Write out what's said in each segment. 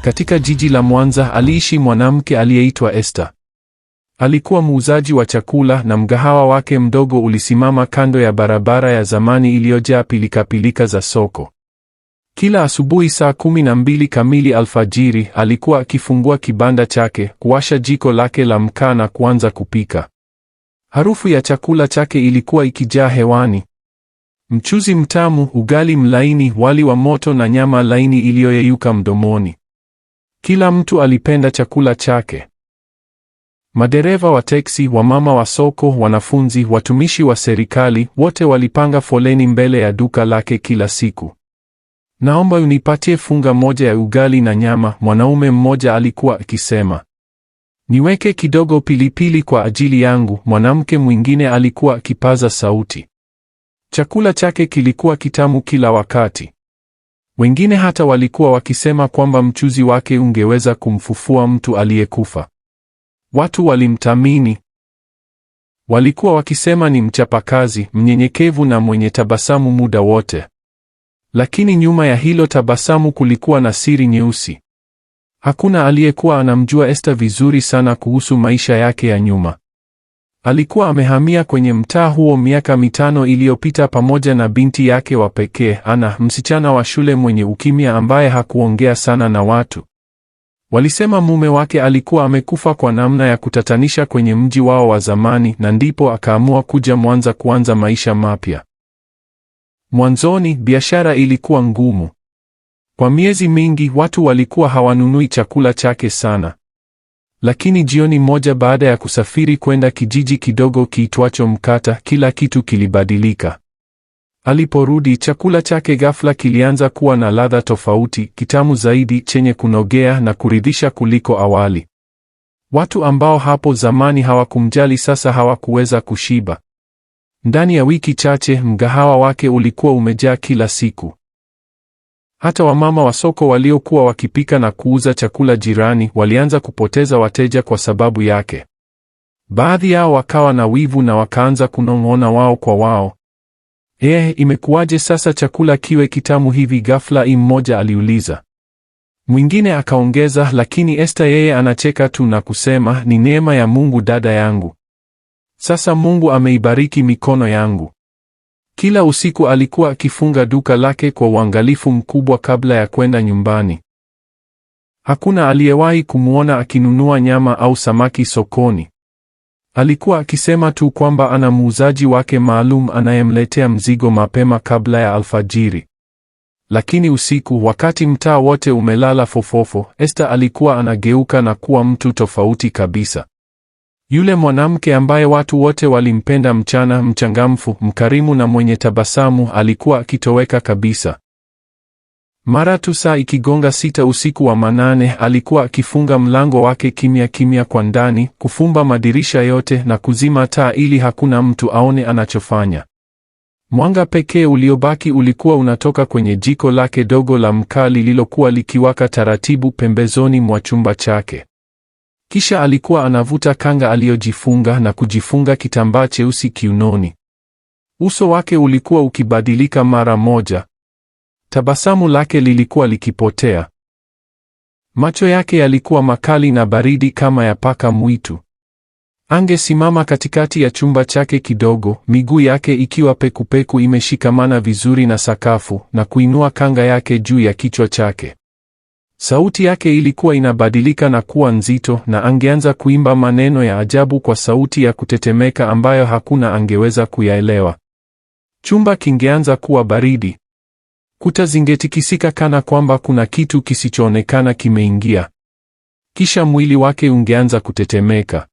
Katika jiji la Mwanza aliishi mwanamke aliyeitwa Esther. Alikuwa muuzaji wa chakula na mgahawa wake mdogo ulisimama kando ya barabara ya zamani iliyojaa pilikapilika za soko. Kila asubuhi saa kumi na mbili kamili alfajiri alikuwa akifungua kibanda chake, kuwasha jiko lake la mkaa na kuanza kupika. Harufu ya chakula chake ilikuwa ikijaa hewani. Mchuzi mtamu, ugali mlaini, wali wa moto na nyama laini iliyoyeyuka mdomoni. Kila mtu alipenda chakula chake. Madereva wa teksi, wamama wa soko, wanafunzi, watumishi wa serikali, wote walipanga foleni mbele ya duka lake kila siku. Naomba unipatie funga moja ya ugali na nyama, mwanaume mmoja alikuwa akisema. Niweke kidogo pilipili kwa ajili yangu, mwanamke mwingine alikuwa akipaza sauti. Chakula chake kilikuwa kitamu kila wakati. Wengine hata walikuwa wakisema kwamba mchuzi wake ungeweza kumfufua mtu aliyekufa. Watu walimtamini. Walikuwa wakisema ni mchapakazi, mnyenyekevu na mwenye tabasamu muda wote. Lakini nyuma ya hilo tabasamu kulikuwa na siri nyeusi. Hakuna aliyekuwa anamjua Esther vizuri sana kuhusu maisha yake ya nyuma. Alikuwa amehamia kwenye mtaa huo miaka mitano iliyopita pamoja na binti yake wa pekee Ana, msichana wa shule mwenye ukimya ambaye hakuongea sana na watu. Walisema mume wake alikuwa amekufa kwa namna ya kutatanisha kwenye mji wao wa zamani, na ndipo akaamua kuja Mwanza kuanza maisha mapya. Mwanzoni biashara ilikuwa ngumu. Kwa miezi mingi watu walikuwa hawanunui chakula chake sana. Lakini jioni moja baada ya kusafiri kwenda kijiji kidogo kiitwacho Mkata, kila kitu kilibadilika. Aliporudi, chakula chake ghafla kilianza kuwa na ladha tofauti, kitamu zaidi, chenye kunogea na kuridhisha kuliko awali. Watu ambao hapo zamani hawakumjali sasa hawakuweza kushiba. Ndani ya wiki chache mgahawa wake ulikuwa umejaa kila siku. Hata wamama wa soko waliokuwa wakipika na kuuza chakula jirani walianza kupoteza wateja kwa sababu yake. Baadhi yao wakawa na wivu na wakaanza kunong'ona wao kwa wao. Eh, imekuwaje sasa chakula kiwe kitamu hivi ghafla? Mmoja aliuliza. Mwingine akaongeza, lakini Esta yeye anacheka tu na kusema, ni neema ya Mungu dada yangu. Sasa Mungu ameibariki mikono yangu. Kila usiku alikuwa akifunga duka lake kwa uangalifu mkubwa kabla ya kwenda nyumbani. Hakuna aliyewahi kumwona akinunua nyama au samaki sokoni. Alikuwa akisema tu kwamba ana muuzaji wake maalum anayemletea mzigo mapema kabla ya alfajiri. Lakini usiku, wakati mtaa wote umelala fofofo, Esther alikuwa anageuka na kuwa mtu tofauti kabisa. Yule mwanamke ambaye watu wote walimpenda, mchana, mchangamfu, mkarimu na mwenye tabasamu, alikuwa akitoweka kabisa. Mara tu saa ikigonga sita usiku wa manane, alikuwa akifunga mlango wake kimya kimya kwa ndani, kufumba madirisha yote na kuzima taa ili hakuna mtu aone anachofanya. Mwanga pekee uliobaki ulikuwa unatoka kwenye jiko lake dogo la mkaa lililokuwa likiwaka taratibu pembezoni mwa chumba chake. Kisha alikuwa anavuta kanga aliyojifunga na kujifunga kitambaa cheusi kiunoni. Uso wake ulikuwa ukibadilika mara moja. Tabasamu lake lilikuwa likipotea. Macho yake yalikuwa makali na baridi kama ya paka mwitu. Angesimama katikati ya chumba chake kidogo, miguu yake ikiwa pekupeku imeshikamana vizuri na sakafu, na kuinua kanga yake juu ya kichwa chake. Sauti yake ilikuwa inabadilika na kuwa nzito, na angeanza kuimba maneno ya ajabu kwa sauti ya kutetemeka ambayo hakuna angeweza kuyaelewa. Chumba kingeanza kuwa baridi, kuta zingetikisika kana kwamba kuna kitu kisichoonekana kimeingia. Kisha mwili wake ungeanza kutetemeka.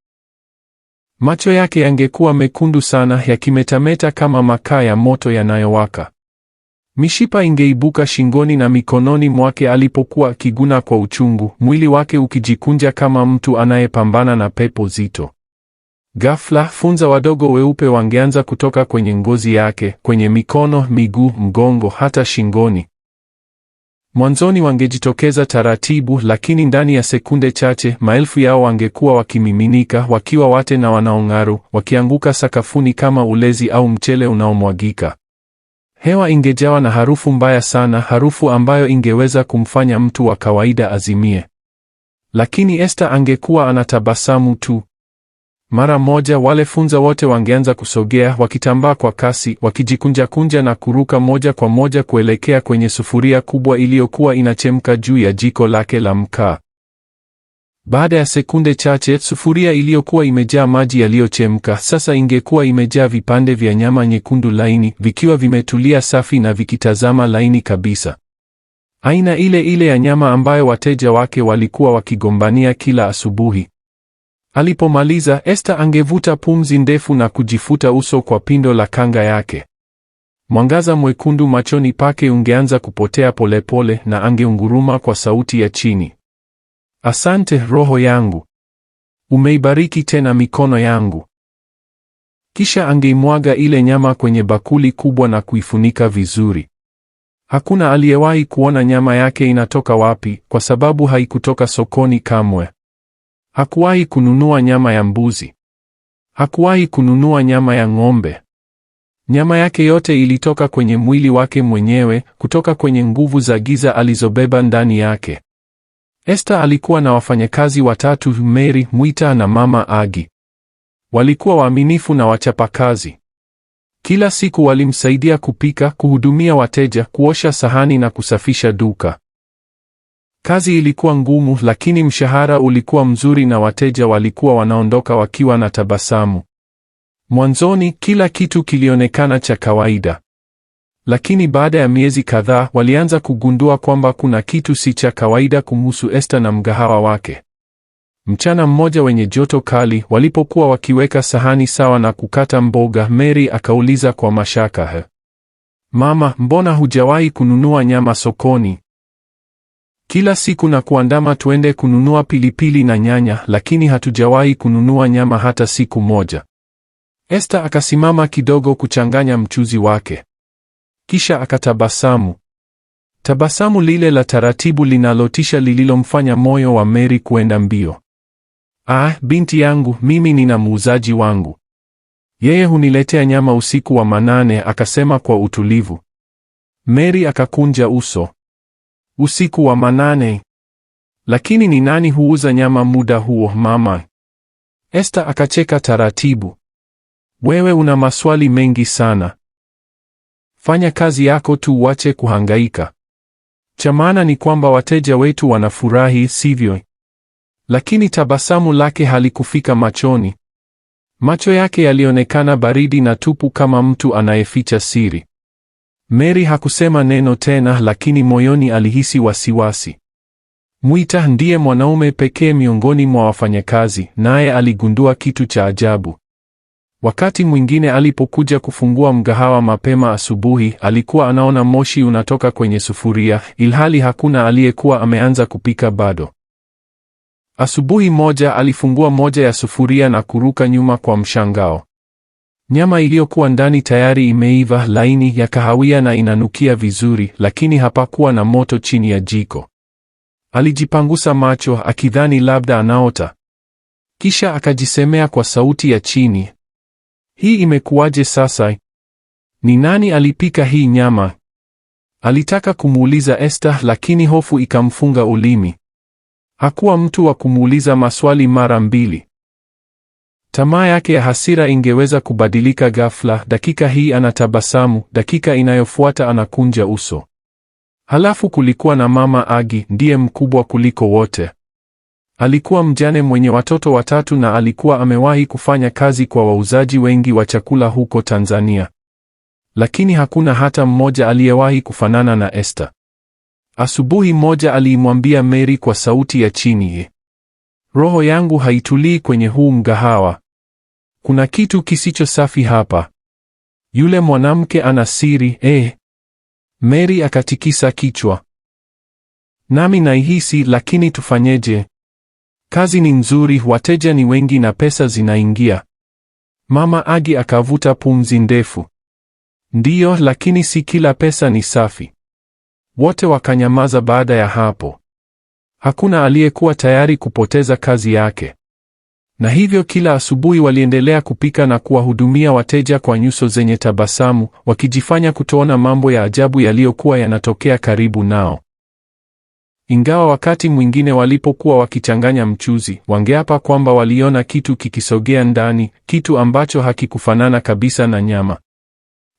Macho yake yangekuwa mekundu sana, yakimetameta kama makaa ya moto yanayowaka. Mishipa ingeibuka shingoni na mikononi mwake alipokuwa akiguna kwa uchungu, mwili wake ukijikunja kama mtu anayepambana na pepo zito. Ghafla, funza wadogo weupe wangeanza kutoka kwenye ngozi yake, kwenye mikono, miguu, mgongo, hata shingoni. Mwanzoni wangejitokeza taratibu, lakini ndani ya sekunde chache maelfu yao wangekuwa wakimiminika, wakiwa wate na wanaong'aru, wakianguka sakafuni kama ulezi au mchele unaomwagika. Hewa ingejawa na harufu mbaya sana, harufu ambayo ingeweza kumfanya mtu wa kawaida azimie. Lakini Esther angekuwa anatabasamu tu. Mara moja wale funza wote wangeanza kusogea, wakitambaa kwa kasi, wakijikunjakunja na kuruka moja kwa moja kuelekea kwenye sufuria kubwa iliyokuwa inachemka juu ya jiko lake la mkaa. Baada ya sekunde chache, sufuria iliyokuwa imejaa maji yaliyochemka sasa ingekuwa imejaa vipande vya nyama nyekundu laini, vikiwa vimetulia safi na vikitazama laini kabisa, aina ile ile ya nyama ambayo wateja wake walikuwa wakigombania kila asubuhi. Alipomaliza, Esther angevuta pumzi ndefu na kujifuta uso kwa pindo la kanga yake. Mwangaza mwekundu machoni pake ungeanza kupotea polepole pole, na angeunguruma kwa sauti ya chini. Asante roho yangu, umeibariki tena mikono yangu. Kisha angeimwaga ile nyama kwenye bakuli kubwa na kuifunika vizuri. Hakuna aliyewahi kuona nyama yake inatoka wapi, kwa sababu haikutoka sokoni kamwe. Hakuwahi kununua nyama ya mbuzi, hakuwahi kununua nyama ya ng'ombe. Nyama yake yote ilitoka kwenye mwili wake mwenyewe, kutoka kwenye nguvu za giza alizobeba ndani yake. Esta alikuwa na wafanyakazi watatu, Mary, Mwita na Mama Agi. Walikuwa waaminifu na wachapakazi. Kila siku walimsaidia kupika, kuhudumia wateja, kuosha sahani na kusafisha duka. Kazi ilikuwa ngumu, lakini mshahara ulikuwa mzuri na wateja walikuwa wanaondoka wakiwa na tabasamu. Mwanzoni kila kitu kilionekana cha kawaida. Lakini baada ya miezi kadhaa walianza kugundua kwamba kuna kitu si cha kawaida kumhusu Esther na mgahawa wake. Mchana mmoja wenye joto kali, walipokuwa wakiweka sahani sawa na kukata mboga, Mary akauliza kwa mashaka, he, mama, mbona hujawahi kununua nyama sokoni? Kila siku na kuandama tuende kununua pilipili na nyanya, lakini hatujawahi kununua nyama hata siku moja. Esther akasimama kidogo kuchanganya mchuzi wake. Kisha akatabasamu, tabasamu lile la taratibu linalotisha lililomfanya moyo wa Mary kwenda mbio. Ah, binti yangu, mimi nina muuzaji wangu, yeye huniletea nyama usiku wa manane, akasema kwa utulivu. Mary akakunja uso. Usiku wa manane? Lakini ni nani huuza nyama muda huo mama? Esther akacheka taratibu. Wewe una maswali mengi sana. Fanya kazi yako tu, wache kuhangaika. Cha maana ni kwamba wateja wetu wanafurahi, sivyo? Lakini tabasamu lake halikufika machoni. Macho yake yalionekana baridi na tupu kama mtu anayeficha siri. Mary hakusema neno tena, lakini moyoni alihisi wasiwasi. Mwita ndiye mwanaume pekee miongoni mwa wafanyakazi, naye aligundua kitu cha ajabu. Wakati mwingine alipokuja kufungua mgahawa mapema asubuhi, alikuwa anaona moshi unatoka kwenye sufuria, ilhali hakuna aliyekuwa ameanza kupika bado. Asubuhi moja alifungua moja ya sufuria na kuruka nyuma kwa mshangao. Nyama iliyokuwa ndani tayari imeiva, laini, ya kahawia na inanukia vizuri, lakini hapakuwa na moto chini ya jiko. Alijipangusa macho akidhani labda anaota. Kisha akajisemea kwa sauti ya chini, hii imekuwaje sasa? Ni nani alipika hii nyama? Alitaka kumuuliza Esther, lakini hofu ikamfunga ulimi. Hakuwa mtu wa kumuuliza maswali mara mbili. Tamaa yake ya hasira ingeweza kubadilika ghafla. Dakika hii anatabasamu, dakika inayofuata anakunja uso. Halafu kulikuwa na Mama Agi, ndiye mkubwa kuliko wote. Alikuwa mjane mwenye watoto watatu na alikuwa amewahi kufanya kazi kwa wauzaji wengi wa chakula huko Tanzania. Lakini hakuna hata mmoja aliyewahi kufanana na Esther. Asubuhi moja aliimwambia Mary kwa sauti ya chini, roho yangu haitulii kwenye huu mgahawa. Kuna kitu kisicho safi hapa. Yule mwanamke ana siri eh. Mary akatikisa kichwa. Nami naihisi, lakini tufanyeje? Kazi ni nzuri, wateja ni wengi na pesa zinaingia. Mama Agi akavuta pumzi ndefu. Ndiyo, lakini si kila pesa ni safi. Wote wakanyamaza baada ya hapo. Hakuna aliyekuwa tayari kupoteza kazi yake. Na hivyo kila asubuhi waliendelea kupika na kuwahudumia wateja kwa nyuso zenye tabasamu, wakijifanya kutoona mambo ya ajabu yaliyokuwa yanatokea karibu nao. Ingawa wakati mwingine walipokuwa wakichanganya mchuzi, wangeapa kwamba waliona kitu kikisogea ndani, kitu ambacho hakikufanana kabisa na nyama.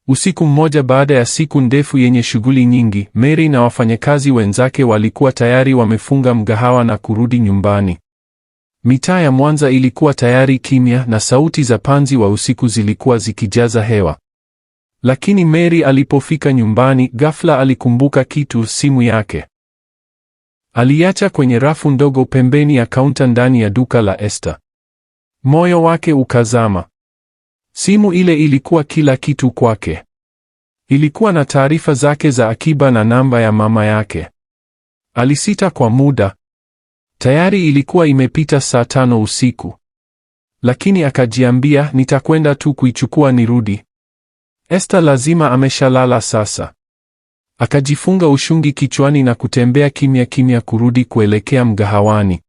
Usiku mmoja baada ya siku ndefu yenye shughuli nyingi, Mary na wafanyakazi wenzake walikuwa tayari wamefunga mgahawa na kurudi nyumbani. Mitaa ya Mwanza ilikuwa tayari kimya na sauti za panzi wa usiku zilikuwa zikijaza hewa. Lakini Mary alipofika nyumbani, ghafla alikumbuka kitu, simu yake. Aliacha kwenye rafu ndogo pembeni ya kaunta ndani ya duka la Esther. Moyo wake ukazama. Simu ile ilikuwa kila kitu kwake. Ilikuwa na taarifa zake za akiba na namba ya mama yake. Alisita kwa muda. Tayari ilikuwa imepita saa tano usiku. Lakini akajiambia nitakwenda tu kuichukua nirudi. Esther lazima ameshalala sasa. Akajifunga ushungi kichwani na kutembea kimya kimya kurudi kuelekea mgahawani.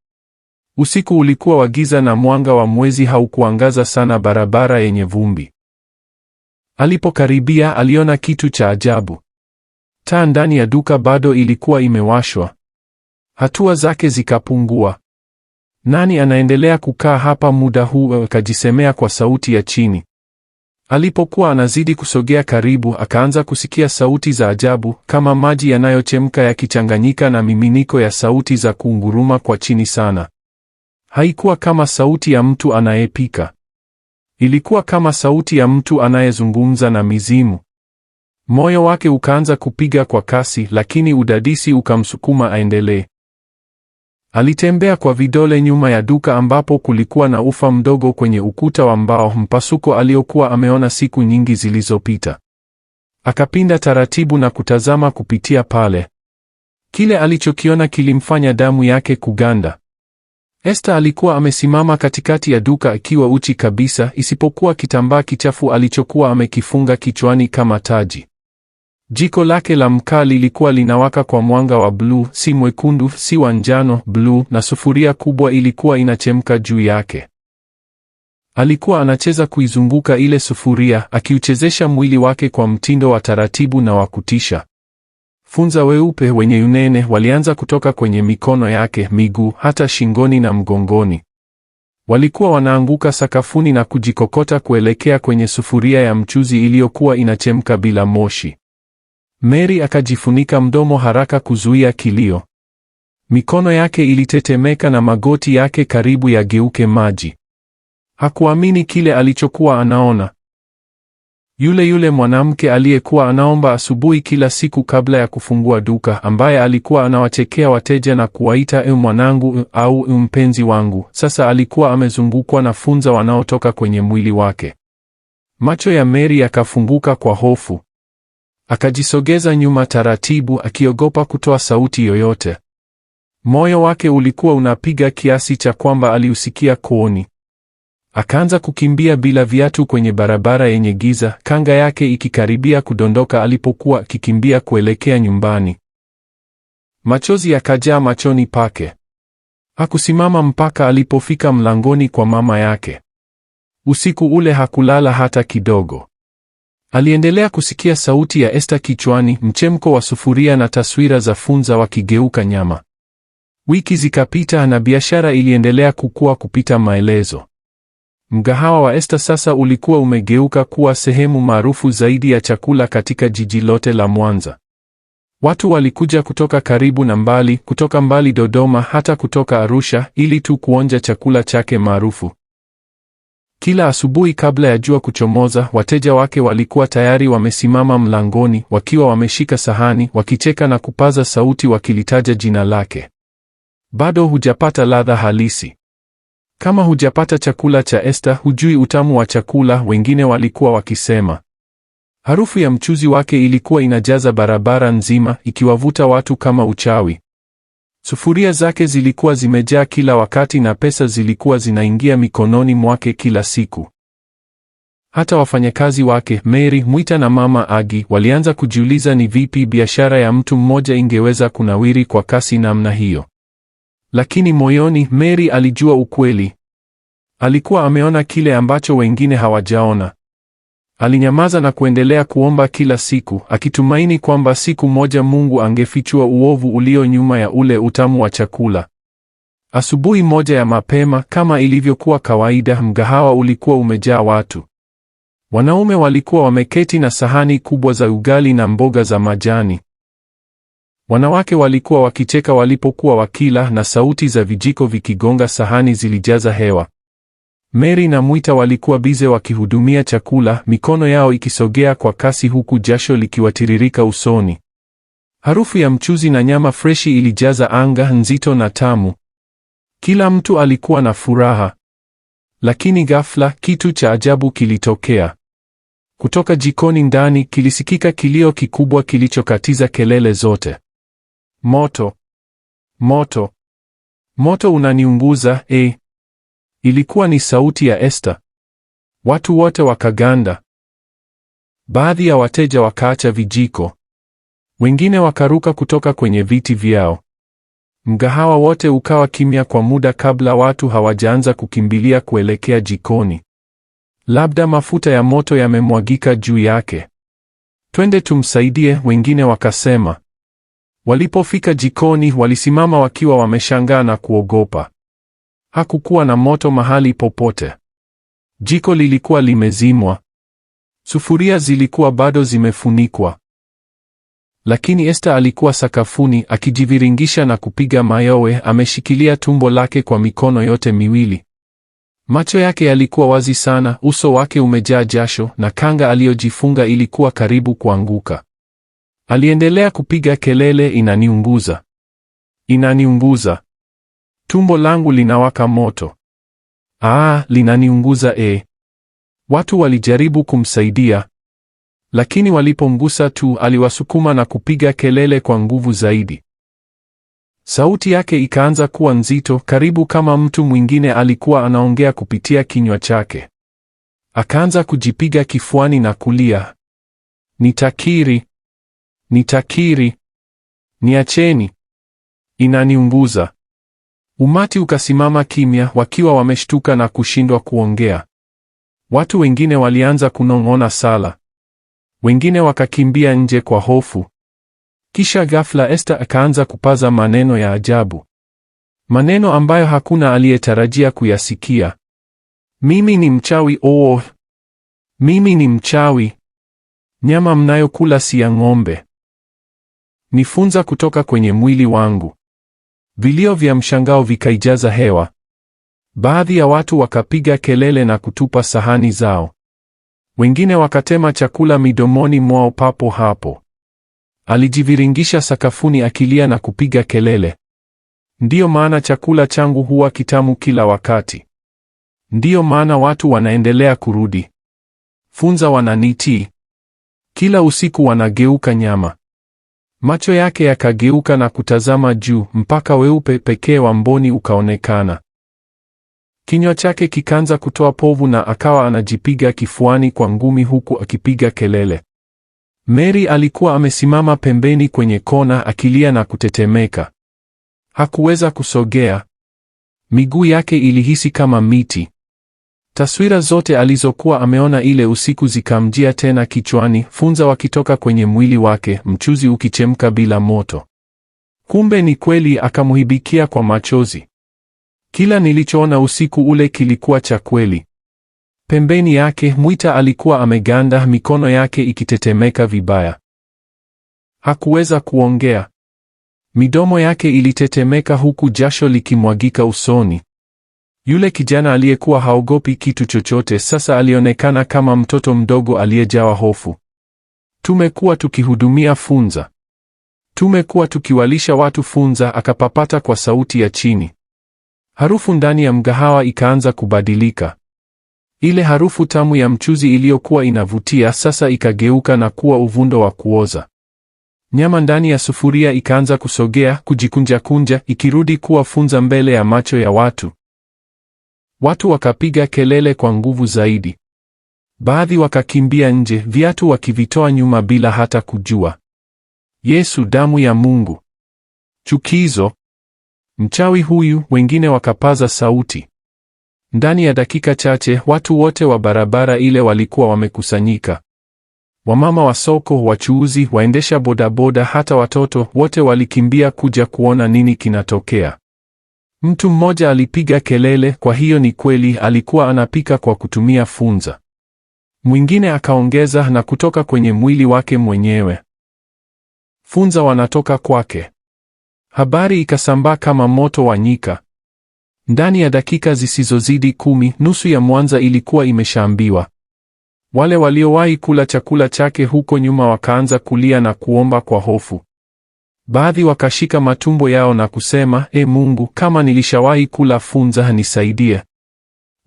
Usiku ulikuwa wa giza na mwanga wa mwezi haukuangaza sana barabara yenye vumbi. Alipokaribia aliona kitu cha ajabu. Taa ndani ya duka bado ilikuwa imewashwa. Hatua zake zikapungua. Nani anaendelea kukaa hapa muda huu? Akajisemea kwa sauti ya chini. Alipokuwa anazidi kusogea karibu, akaanza kusikia sauti za ajabu kama maji yanayochemka yakichanganyika na miminiko ya sauti za kunguruma kwa chini sana. Haikuwa kama sauti ya mtu anayepika. Ilikuwa kama sauti ya mtu anayezungumza na mizimu. Moyo wake ukaanza kupiga kwa kasi, lakini udadisi ukamsukuma aendelee. Alitembea kwa vidole nyuma ya duka ambapo kulikuwa na ufa mdogo kwenye ukuta wa mbao, mpasuko aliokuwa ameona siku nyingi zilizopita. Akapinda taratibu na kutazama kupitia pale. Kile alichokiona kilimfanya damu yake kuganda. Esther alikuwa amesimama katikati ya duka akiwa uchi kabisa, isipokuwa kitambaa kichafu alichokuwa amekifunga kichwani kama taji. Jiko lake la mkaa lilikuwa linawaka kwa mwanga wa bluu, si mwekundu, si wa njano, bluu, na sufuria kubwa ilikuwa inachemka juu yake. Alikuwa anacheza kuizunguka ile sufuria, akiuchezesha mwili wake kwa mtindo wa taratibu na wa kutisha. Funza weupe wenye unene walianza kutoka kwenye mikono yake, miguu, hata shingoni na mgongoni. Walikuwa wanaanguka sakafuni na kujikokota kuelekea kwenye sufuria ya mchuzi iliyokuwa inachemka bila moshi. Mary akajifunika mdomo haraka kuzuia kilio. Mikono yake ilitetemeka na magoti yake karibu yageuke maji. Hakuamini kile alichokuwa anaona. Yule yule mwanamke aliyekuwa anaomba asubuhi kila siku kabla ya kufungua duka, ambaye alikuwa anawachekea wateja na kuwaita e, mwanangu au e, mpenzi wangu, sasa alikuwa amezungukwa na funza wanaotoka kwenye mwili wake. Macho ya Mary yakafunguka kwa hofu. Akajisogeza nyuma taratibu, akiogopa kutoa sauti yoyote. Moyo wake ulikuwa unapiga kiasi cha kwamba aliusikia kooni. Akaanza kukimbia bila viatu kwenye barabara yenye giza, kanga yake ikikaribia kudondoka alipokuwa akikimbia kuelekea nyumbani. Machozi yakajaa machoni pake. Hakusimama mpaka alipofika mlangoni kwa mama yake. Usiku ule hakulala hata kidogo. Aliendelea kusikia sauti ya Esta kichwani, mchemko wa sufuria na taswira za funza wakigeuka nyama. Wiki zikapita na biashara iliendelea kukua kupita maelezo. Mgahawa wa Esta sasa ulikuwa umegeuka kuwa sehemu maarufu zaidi ya chakula katika jiji lote la Mwanza. Watu walikuja kutoka karibu na mbali, kutoka mbali Dodoma, hata kutoka Arusha ili tu kuonja chakula chake maarufu. Kila asubuhi kabla ya jua kuchomoza, wateja wake walikuwa tayari wamesimama mlangoni, wakiwa wameshika sahani, wakicheka na kupaza sauti wakilitaja jina lake. Bado hujapata ladha halisi. Kama hujapata chakula cha Esther, hujui utamu wa chakula, wengine walikuwa wakisema. Harufu ya mchuzi wake ilikuwa inajaza barabara nzima, ikiwavuta watu kama uchawi. Sufuria zake zilikuwa zimejaa kila wakati na pesa zilikuwa zinaingia mikononi mwake kila siku. Hata wafanyakazi wake Mary, Mwita na Mama Agi walianza kujiuliza ni vipi biashara ya mtu mmoja ingeweza kunawiri kwa kasi namna hiyo. Lakini moyoni, Mary alijua ukweli. Alikuwa ameona kile ambacho wengine hawajaona. Alinyamaza na kuendelea kuomba kila siku, akitumaini kwamba siku moja Mungu angefichua uovu ulio nyuma ya ule utamu wa chakula. Asubuhi moja ya mapema, kama ilivyokuwa kawaida, mgahawa ulikuwa umejaa watu. Wanaume walikuwa wameketi na sahani kubwa za ugali na mboga za majani. Wanawake walikuwa wakicheka walipokuwa wakila na sauti za vijiko vikigonga sahani zilijaza hewa. Mary na Mwita walikuwa bize wakihudumia chakula, mikono yao ikisogea kwa kasi huku jasho likiwatiririka usoni. Harufu ya mchuzi na nyama freshi ilijaza anga, nzito na tamu. Kila mtu alikuwa na furaha. Lakini ghafla kitu cha ajabu kilitokea. Kutoka jikoni ndani kilisikika kilio kikubwa kilichokatiza kelele zote. Moto, moto, moto unaniunguza, eh! Ilikuwa ni sauti ya Esther. Watu wote wakaganda. Baadhi ya wateja wakaacha vijiko, wengine wakaruka kutoka kwenye viti vyao. Mgahawa wote ukawa kimya kwa muda kabla watu hawajaanza kukimbilia kuelekea jikoni. Labda mafuta ya moto yamemwagika juu yake. Twende tumsaidie, wengine wakasema. Walipofika jikoni, walisimama wakiwa wameshangaa na kuogopa. Hakukuwa na moto mahali popote. Jiko lilikuwa limezimwa. Sufuria zilikuwa bado zimefunikwa. Lakini Esther alikuwa sakafuni akijiviringisha na kupiga mayowe, ameshikilia tumbo lake kwa mikono yote miwili. Macho yake yalikuwa wazi sana, uso wake umejaa jasho na kanga aliyojifunga ilikuwa karibu kuanguka. Aliendelea kupiga kelele, inaniunguza, inaniunguza. Tumbo langu linawaka moto. Ah, linaniunguza e. Watu walijaribu kumsaidia, lakini walipomgusa tu aliwasukuma na kupiga kelele kwa nguvu zaidi. Sauti yake ikaanza kuwa nzito, karibu kama mtu mwingine alikuwa anaongea kupitia kinywa chake. Akaanza kujipiga kifuani na kulia, nitakiri, nitakiri, niacheni, inaniunguza. Umati ukasimama kimya, wakiwa wameshtuka na kushindwa kuongea. Watu wengine walianza kunong'ona sala, wengine wakakimbia nje kwa hofu. Kisha ghafla Esther akaanza kupaza maneno ya ajabu, maneno ambayo hakuna aliyetarajia kuyasikia. Mimi ni mchawi oo, oh. mimi ni mchawi. Nyama mnayokula si ya ng'ombe, nifunza kutoka kwenye mwili wangu. Vilio vya mshangao vikaijaza hewa. Baadhi ya watu wakapiga kelele na kutupa sahani zao, wengine wakatema chakula midomoni mwao papo hapo. Alijiviringisha sakafuni akilia na kupiga kelele, ndiyo maana chakula changu huwa kitamu kila wakati, ndiyo maana watu wanaendelea kurudi. Funza wananitii, kila usiku wanageuka nyama. Macho yake yakageuka na kutazama juu, mpaka weupe pekee wa mboni ukaonekana. Kinywa chake kikaanza kutoa povu na akawa anajipiga kifuani kwa ngumi huku akipiga kelele. Mary alikuwa amesimama pembeni kwenye kona akilia na kutetemeka. Hakuweza kusogea. Miguu yake ilihisi kama miti. Taswira zote alizokuwa ameona ile usiku zikamjia tena kichwani, funza wakitoka kwenye mwili wake, mchuzi ukichemka bila moto. Kumbe ni kweli, akamuhibikia kwa machozi. Kila nilichoona usiku ule kilikuwa cha kweli. Pembeni yake Mwita alikuwa ameganda, mikono yake ikitetemeka vibaya. Hakuweza kuongea. Midomo yake ilitetemeka huku jasho likimwagika usoni. Yule kijana aliyekuwa haogopi kitu chochote sasa alionekana kama mtoto mdogo aliyejawa hofu. Tumekuwa tukihudumia funza, tumekuwa tukiwalisha watu funza, akapapata kwa sauti ya chini. Harufu ndani ya mgahawa ikaanza kubadilika. Ile harufu tamu ya mchuzi iliyokuwa inavutia sasa ikageuka na kuwa uvundo wa kuoza. Nyama ndani ya sufuria ikaanza kusogea, kujikunjakunja, ikirudi kuwa funza mbele ya macho ya watu. Watu wakapiga kelele kwa nguvu zaidi. Baadhi wakakimbia nje, viatu wakivitoa nyuma bila hata kujua. Yesu, damu ya Mungu! Chukizo! Mchawi huyu! Wengine wakapaza sauti. Ndani ya dakika chache watu wote wa barabara ile walikuwa wamekusanyika. Wamama wa soko, wachuuzi, waendesha bodaboda, hata watoto wote walikimbia kuja kuona nini kinatokea. Mtu mmoja alipiga kelele, kwa hiyo ni kweli alikuwa anapika kwa kutumia funza. Mwingine akaongeza, na kutoka kwenye mwili wake mwenyewe. Funza wanatoka kwake. Habari ikasambaa kama moto wa nyika. Ndani ya dakika zisizozidi kumi, nusu ya Mwanza ilikuwa imeshaambiwa. Wale waliowahi kula chakula chake huko nyuma wakaanza kulia na kuomba kwa hofu. Baadhi wakashika matumbo yao na kusema, E Mungu, kama nilishawahi kula funza, nisaidia.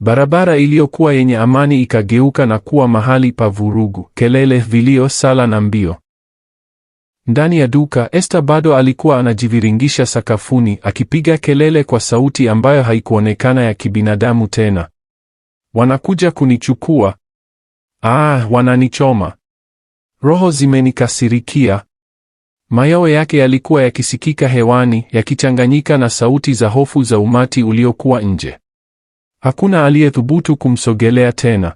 Barabara iliyokuwa yenye amani ikageuka na kuwa mahali pa vurugu, kelele, vilio, sala na mbio. Ndani ya duka Esther bado alikuwa anajiviringisha sakafuni akipiga kelele kwa sauti ambayo haikuonekana ya kibinadamu tena. Wanakuja kunichukua. Ah, wananichoma. Roho zimenikasirikia. Mayowe yake yalikuwa yakisikika hewani, yakichanganyika na sauti za hofu za umati uliokuwa nje. Hakuna aliyethubutu kumsogelea tena.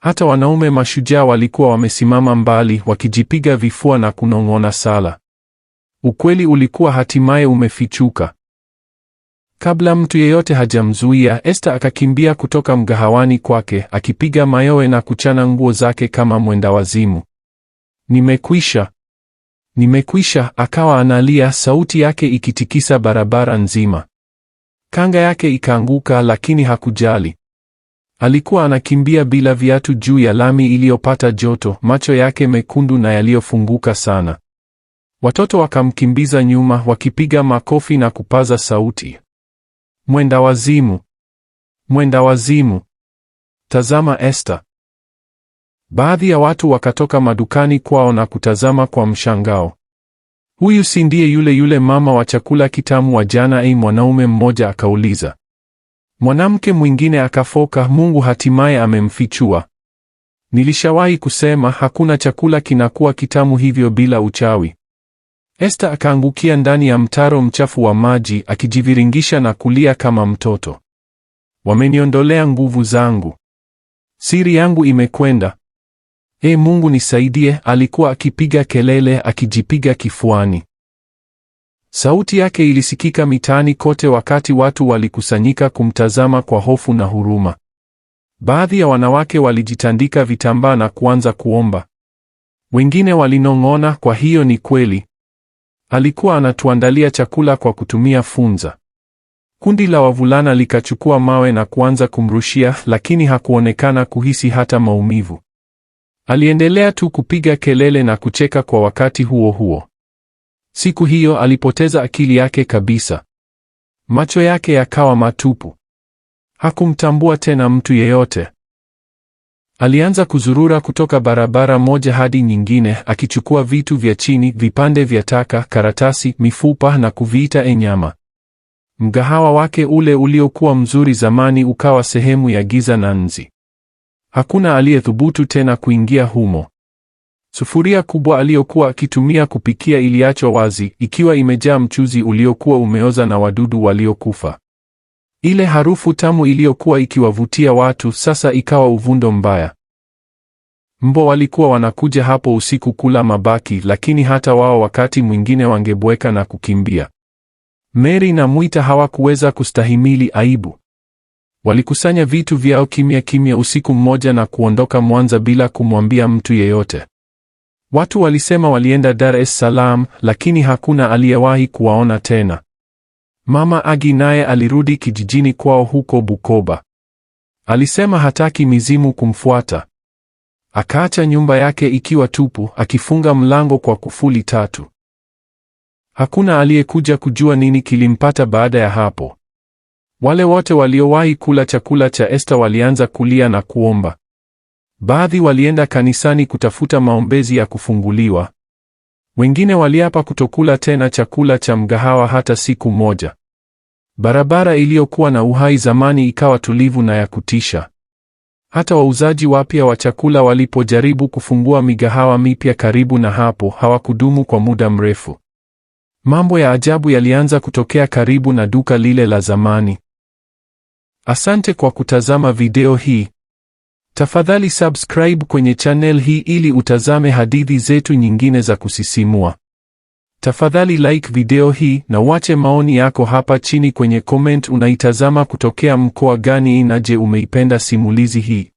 Hata wanaume mashujaa walikuwa wamesimama mbali, wakijipiga vifua na kunong'ona sala. Ukweli ulikuwa hatimaye umefichuka. Kabla mtu yeyote hajamzuia, Esther akakimbia kutoka mgahawani kwake, akipiga mayowe na kuchana nguo zake kama mwenda wazimu. Nimekwisha. Nimekwisha, akawa analia, sauti yake ikitikisa barabara nzima. Kanga yake ikaanguka, lakini hakujali. Alikuwa anakimbia bila viatu juu ya lami iliyopata joto, macho yake mekundu na yaliyofunguka sana. Watoto wakamkimbiza nyuma, wakipiga makofi na kupaza sauti, mwenda wazimu, mwenda wazimu! Tazama Esther! Baadhi ya watu wakatoka madukani kwao na kutazama kwa mshangao. Huyu si ndiye yule yule mama wa chakula kitamu wa jana ei? Mwanaume mmoja akauliza. Mwanamke mwingine akafoka, Mungu hatimaye amemfichua. Nilishawahi kusema hakuna chakula kinakuwa kitamu hivyo bila uchawi. Esther akaangukia ndani ya mtaro mchafu wa maji akijiviringisha na kulia kama mtoto. Wameniondolea nguvu zangu. Siri yangu imekwenda. E Mungu nisaidie, alikuwa akipiga kelele akijipiga kifuani. Sauti yake ilisikika mitaani kote wakati watu walikusanyika kumtazama kwa hofu na huruma. Baadhi ya wanawake walijitandika vitambaa na kuanza kuomba. Wengine walinong'ona, kwa hiyo ni kweli. Alikuwa anatuandalia chakula kwa kutumia funza. Kundi la wavulana likachukua mawe na kuanza kumrushia, lakini hakuonekana kuhisi hata maumivu. Aliendelea tu kupiga kelele na kucheka kwa wakati huo huo. Siku hiyo alipoteza akili yake kabisa. Macho yake yakawa matupu. Hakumtambua tena mtu yeyote. Alianza kuzurura kutoka barabara moja hadi nyingine, akichukua vitu vya chini, vipande vya taka, karatasi, mifupa na kuviita enyama. Mgahawa wake ule uliokuwa mzuri zamani ukawa sehemu ya giza na nzi. Hakuna aliyethubutu tena kuingia humo. Sufuria kubwa aliyokuwa akitumia kupikia iliachwa wazi, ikiwa imejaa mchuzi uliokuwa umeoza na wadudu waliokufa. Ile harufu tamu iliyokuwa ikiwavutia watu sasa ikawa uvundo mbaya. Mbo walikuwa wanakuja hapo usiku kula mabaki, lakini hata wao wakati mwingine wangebweka na kukimbia. Mary na Mwita hawakuweza kustahimili aibu. Walikusanya vitu vyao kimya kimya usiku mmoja na kuondoka Mwanza bila kumwambia mtu yeyote. Watu walisema walienda Dar es Salaam, lakini hakuna aliyewahi kuwaona tena. Mama Agi naye alirudi kijijini kwao huko Bukoba. Alisema hataki mizimu kumfuata. Akaacha nyumba yake ikiwa tupu, akifunga mlango kwa kufuli tatu. Hakuna aliyekuja kujua nini kilimpata baada ya hapo. Wale wote waliowahi kula chakula cha Esta walianza kulia na kuomba. Baadhi walienda kanisani kutafuta maombezi ya kufunguliwa. Wengine waliapa kutokula tena chakula cha mgahawa hata siku moja. Barabara iliyokuwa na uhai zamani ikawa tulivu na ya kutisha. Hata wauzaji wapya wa chakula walipojaribu kufungua migahawa mipya karibu na hapo, hawakudumu kwa muda mrefu. Mambo ya ajabu yalianza kutokea karibu na duka lile la zamani. Asante kwa kutazama video hii. Tafadhali subscribe kwenye channel hii ili utazame hadithi zetu nyingine za kusisimua. Tafadhali like video hii na wache maoni yako hapa chini kwenye comment, unaitazama kutokea mkoa gani, na je, umeipenda simulizi hii?